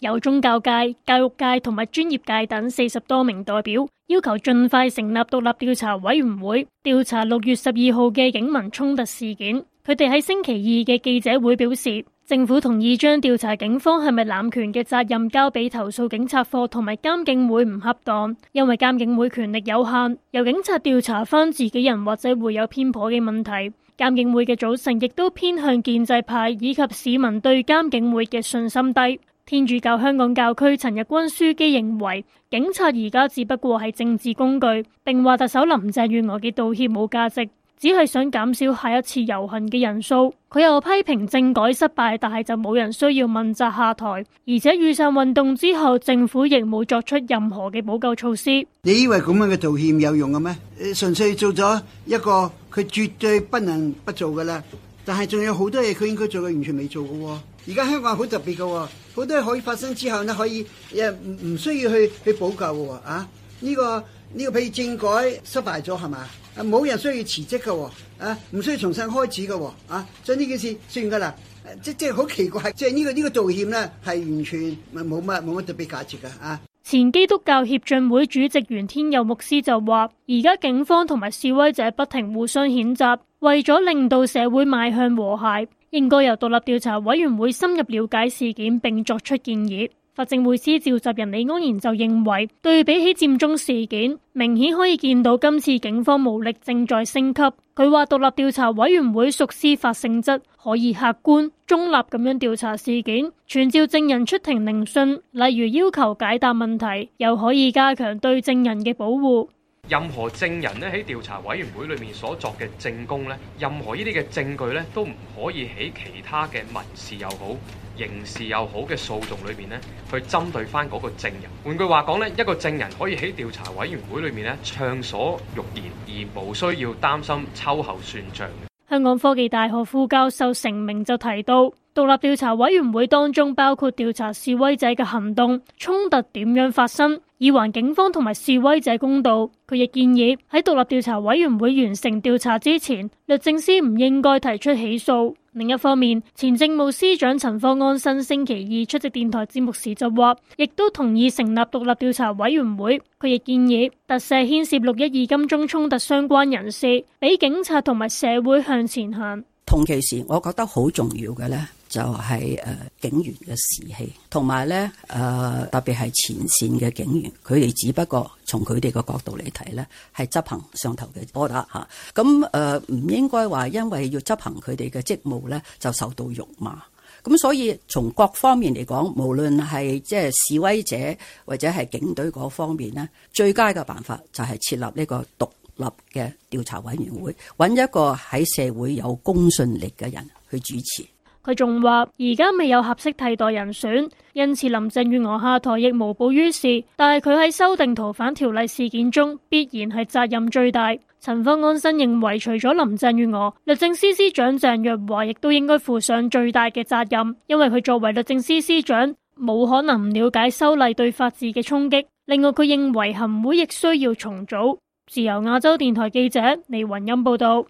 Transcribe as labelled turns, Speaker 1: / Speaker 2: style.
Speaker 1: 有宗教界、教育界同埋專業界等四十多名代表要求盡快成立獨立調查委員會，調查六月十二號嘅警民衝突事件。佢哋喺星期二嘅記者會表示，政府同意將調查警方係咪濫權嘅責任交俾投訴警察課同埋監警會，唔恰當，因為監警會權力有限，由警察調查翻自己人或者會有偏頗嘅問題。監警會嘅組成亦都偏向建制派，以及市民對監警會嘅信心低。天主教香港教區陳日君樞機認為，警察而家只不過係政治工具，並話特首林鄭月娥嘅道歉冇價值，只係想減少下一次遊行嘅人數。佢又批評政改失敗，但係就冇人需要問責下台，而且遇上運動之後，政府亦冇作出任何嘅補救措施。
Speaker 2: 你以為咁樣嘅道歉有用嘅咩？純粹做咗一個佢絕對不能不做噶啦，但係仲有好多嘢佢應該做嘅完全未做嘅。而家香港好特別嘅，好多可以發生之後呢，可以誒唔唔需要去去補救喎啊！呢個呢個譬如政改失敗咗係嘛？冇人需要辭職嘅喎啊，唔需要重新開始嘅喎啊，所以呢件事算㗎啦。即即好奇怪，即係呢個呢個道歉呢係完全冇乜冇乜特別價值㗎啊！
Speaker 1: 前基督教協進會主席袁天佑牧師就話：而家警方同埋示威者不停互相譴責，為咗令到社會邁向和諧。應該由獨立調查委員會深入了解事件，並作出建議。法政匯思召集人李安然就認為，對比起佔中事件，明顯可以見到今次警方武力正在升級。佢話，獨立調查委員會屬司法性質，可以客觀中立咁樣調查事件，傳召證人出庭聆訊，例如要求解答問題，又可以加強對證人嘅保護。
Speaker 3: 任何證人咧喺調查委員會裏面所作嘅證供咧，任何呢啲嘅證據咧，都唔可以喺其他嘅民事又好、刑事又好嘅訴訟裏面咧，去針對翻嗰個證人。換句話講咧，一個證人可以喺調查委員會裏面咧暢所欲言，而無需要擔心秋後算賬。
Speaker 1: 香港科技大學副教授成明就提到，獨立調查委員會當中包括調查示威者嘅行動、衝突點樣發生。以還警方同埋示威者公道，佢亦建議喺獨立調查委員會完成調查之前，律政司唔應該提出起訴。另一方面，前政務司長陳方安生星期二出席電台節目時就話，亦都同意成立獨立調查委員會。佢亦建議特赦牽涉六一二金鐘衝突相關人士，俾警察同埋社會向前行。
Speaker 3: 同期時我覺得好重要嘅咧。就係誒警員嘅士氣，同埋咧誒特別係前線嘅警員，佢哋只不過從佢哋嘅角度嚟睇呢，係執行上頭嘅柯打吓。咁誒唔應該話因為要執行佢哋嘅職務呢，就受到辱罵。咁所以從各方面嚟講，無論係即係示威者或者係警隊嗰方面呢，最佳嘅辦法就係設立呢個獨立嘅調查委員會，搵一個喺社會有公信力
Speaker 1: 嘅人去主持。佢仲話：而家未有合適替代人選，因此林鄭月娥下台亦無補於事。但係佢喺修訂逃犯條例事件中，必然係責任最大。陳方安生認為，除咗林鄭月娥，律政司司長鄭若驊亦都應該負上最大嘅責任，因為佢作為律政司司長，冇可能唔了解修例對法治嘅衝擊。另外，佢認為行會亦需要重組。自由亞洲電台記者李雲恩報道。